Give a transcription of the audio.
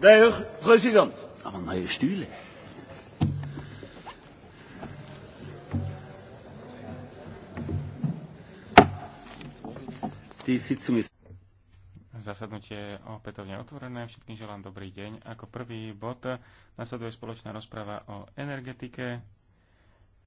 De heer president. Aan je stuurlijk. Zasadnutie je opätovne otvorené. Všetkým želám dobrý deň. Ako prvý bod nasleduje spoločná rozprava o energetike.